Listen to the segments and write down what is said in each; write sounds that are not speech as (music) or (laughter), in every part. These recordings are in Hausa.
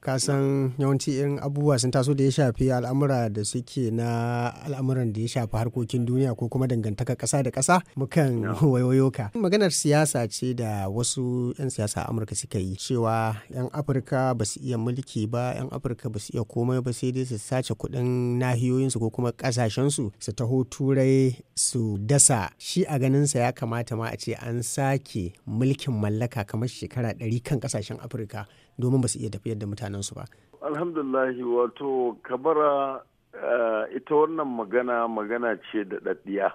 kasan yawanci yan abubuwa sun taso da ya shafi al'amura da suke na al'amuran da ya shafi harkokin duniya ko kuma dangantaka kasa da kasa mukan (laughs) wayoyo ka maganar siyasa ce da wasu 'yan siyasa amurka suka yi cewa 'yan afirka ba su iya mulki ba 'yan afirka ba su iya komai ba sai dai su sace kuɗin nahiyoyinsu ko kuma kasashensu su taho turai su dasa shi a ganinsa ya kamata ma a ce an sake mulkin mallaka kamar shekara ɗari kan ƙasashen afirka domin ba su iya tafiyar da mutanensu ba alhamdulahi wato kabara eh, ita wannan magana magana ce da daddiya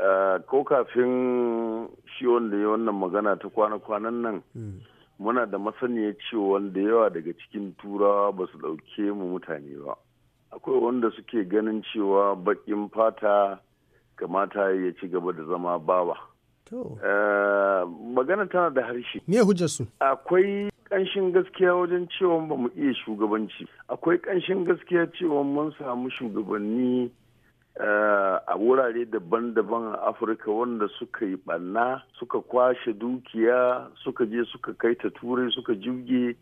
eh, ko kafin shi wanda ya wannan magana ta kwana-kwanan nan hmm. muna da masaniya cewa da yawa daga cikin turawa ba su ɗauke mu mutane ba akwai wanda suke ganin cewa baƙin fata kamata ya ci gaba da zama bawa Eh, magana tana da harshe. Me hujjar su? Akwai ƙanshin gaskiya wajen cewa ba mu iya shugabanci. Akwai ƙanshin gaskiya cewa mun samu shugabanni eh, a wurare daban-daban a afirka wanda suka yi ɓanna suka kwashe dukiya suka je suka kai ta turai suka juge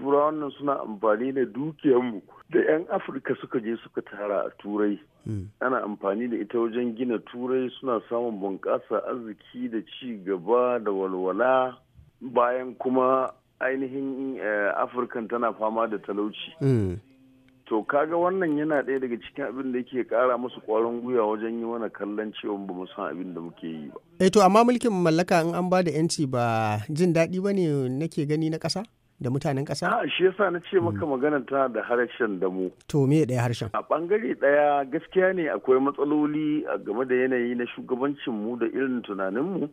turawan wannan suna amfani da dukiyarmu da 'yan afirka suka je suka tara a turai hmm. ana amfani da ita wajen gina turai suna samun bunƙasa arziki da ci gaba da walwala bayan kuma ainihin eh, afirkan tana fama da talauci hmm. to kaga wannan yana ɗaya daga cikin abin da yake kara musu ƙwarin gwiwa wajen yi mana kallon cewa ba mu san abin da muke yi ba. Eh to amma mulkin mallaka in an ba da 'yanci ba jin daɗi ba ne nake gani na ƙasa? da mutanen ƙasa? A ah, shi yasa na ce maka hmm. magana ta da harshen da mu. To me ɗaya harshen? A ɓangare ɗaya gaskiya ne akwai matsaloli a game da yanayi na shugabancin mu da irin tunanin mu.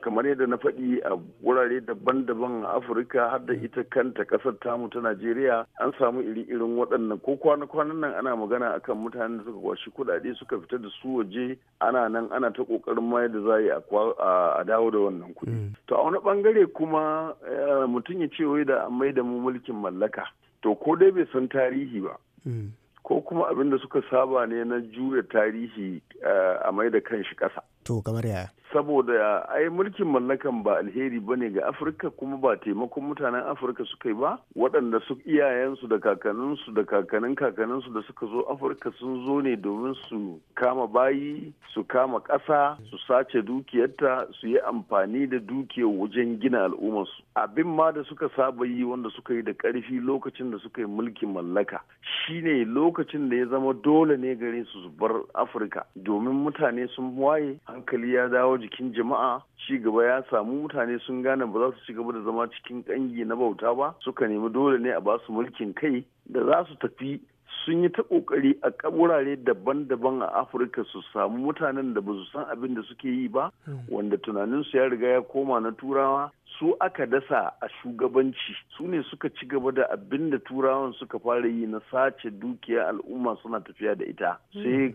kamar yadda na faɗi a wurare daban-daban a afirka har da ita kanta ƙasar tamu ta najeriya an samu iri-irin waɗannan ko kwana-kwanan nan ana magana akan mutanen da suka kwashi kuɗaɗe suka fita da su waje ana nan ana ta ƙoƙarin ma yadda za a yi a dawo da wannan kuɗi mm. to a wani ɓangare kuma eh, mutum ya ce wai da mai da mu mulkin mallaka to ko dai bai san tarihi ba mm. ko kuma abin da suka saba ne na jure tarihi eh, a mai da kanshi ƙasa to kamar yaya saboda ai mulkin mallakan ba alheri bane ga afirka kuma ba taimakon mutanen afirka suka yi ba waɗanda su iyayensu da kakanninsu da kakannin kakanninsu da suka zo afirka sun zo ne domin su kama bayi su kama ƙasa su sace dukiyarta su yi amfani da dukiyar wajen gina al'ummarsu abin ma da suka saba yi wanda suka yi da ƙarfi lokacin da suka yi mulkin mallaka shine lokacin da ya zama dole ne gare su su bar afirka domin mutane sun waye hankali ya dawo jikin jama'a ci gaba ya samu mutane sun gane ba za su ci gaba da zama cikin kangi na bauta ba suka nemi dole ne a ba su mulkin kai da za su tafi sun yi ta kokari a wurare daban-daban a afirka su samu mutanen da ba su san abin da suke yi ba wanda tunaninsu ya riga ya koma na turawa su aka dasa a shugabanci su ne suka ci gaba da abin da turawan suka fara yi na sace dukiya al'umma suna tafiya da ita sai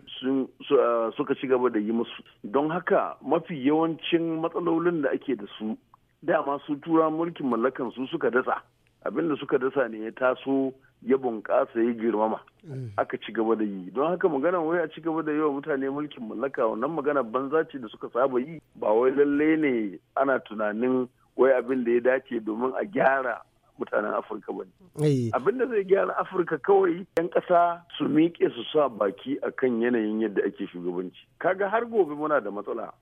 suka ci gaba da yi musu don haka mafi yawancin matsalolin da ake da su dama su turawan mulkin mallakan su suka dasa abin da suka dasa ne ya taso ya bunƙasa ya girmama mm. aka ci gaba da yi don haka magana wai a ci gaba da yawa mutane mulkin mallaka wannan magana banza ce da suka saba yi ba wai lalle ne ana tunanin wai abin da ya dace domin a gyara mutanen afirka ba ne abin da zai gyara afirka kawai yan ƙasa su miƙe su sa baki akan yanayin yadda ake shugabanci kaga har gobe muna da matsala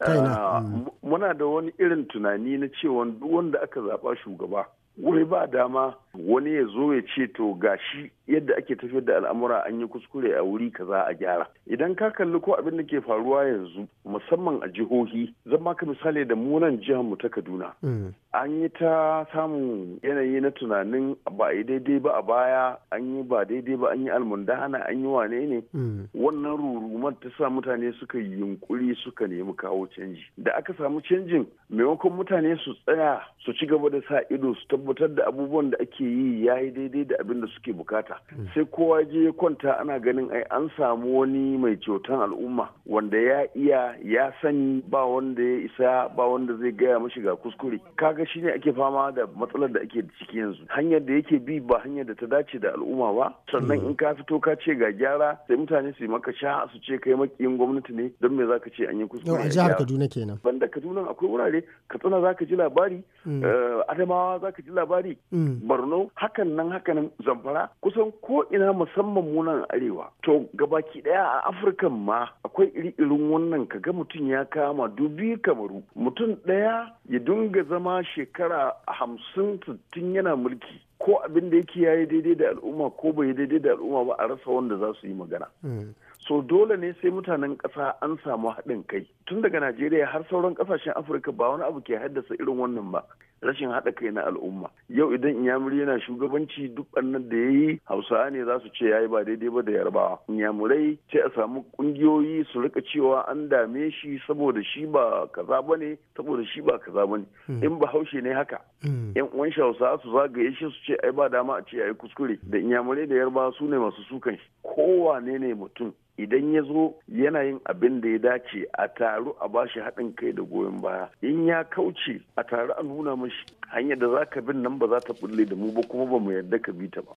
ah, mm. muna da wani irin tunani na cewa duk wanda aka zaɓa shugaba wai ba dama wani ya zo ya ce to gashi yadda ake tafiyar da al'amura an yi kuskure a wuri kaza a gyara idan ka kalli ko abin da ke faruwa yanzu musamman a jihohi zan maka misali da munan jihar mu ta Kaduna mm. an yi ta samun yanayi na tunanin ba a yi daidai ba a baya an yi ba daidai ba an yi almundahana an yi wane ne mm. wannan rurumar ta sa mutane suka yi yunkuri suka nemi kawo canji da aka samu canjin maimakon mutane su tsaya su ci gaba da sa ido su tabbatar da abubuwan da ake yi ya yi daidai da abin da suke bukata Mm. sai kowa je kwanta ana ganin ai an samu wani mai kyautan al'umma wanda ya iya ya sani ba wanda ya isa ba wanda zai gaya mashi ga kuskure kaga shine ake fama da matsalar da ake ciki yanzu hanyar da yake bi ba hanyar da ta dace da al'umma ba sannan mm. in ka fito ka ce ga gyara sai mutane su maka sha su ce kai makiyin gwamnati ne don me zaka ce an yi kuskure a jihar Kaduna kenan banda Kaduna akwai wurare Katsina zaka ji labari mm. eh, Adamawa zaka ji labari Borno hakan nan hakan Zamfara kusa kusan ko ina musamman munan arewa to gabaki daya a afirka ma akwai iri-irin wannan ka ga mutum ya kama dubi kamaru mutum daya ya dunga zama shekara hamsin sittin yana mulki ko abin da yake yayi daidai da al'umma ko bai yi daidai da al'umma ba a rasa wanda za su yi magana hmm. so dole ne sai mutanen ƙasa an samu haɗin kai tun daga najeriya har sauran ƙasashen afirka ba wani abu ke haddasa irin wannan ba rashin haɗa kai na al'umma yau idan inyamuri yana shugabanci duk annan da ya yi hausawa ne za su ce ya yi ba daidai ba da yarbawa inyamurai ce a samu ƙungiyoyi su rika cewa an dame shi saboda shi ba kaza ba ne saboda shi ba kaza ba ne hmm. in bahaushe ne haka hmm. yan uwan shi hausawa su zagaye shi su ce ai ba dama a ce ai kuskure da inyamurai da yarbawa su ne masu sukan shi kowane ne mutum idan ya zo yanayin abin da ya dace a taru a bashi haɗin kai da goyon baya in ya kauce a taru a nuna shi hanyar da za ka bin nan ba za ta bulle da mu ba kuma ba mu yarda ka bi ta ba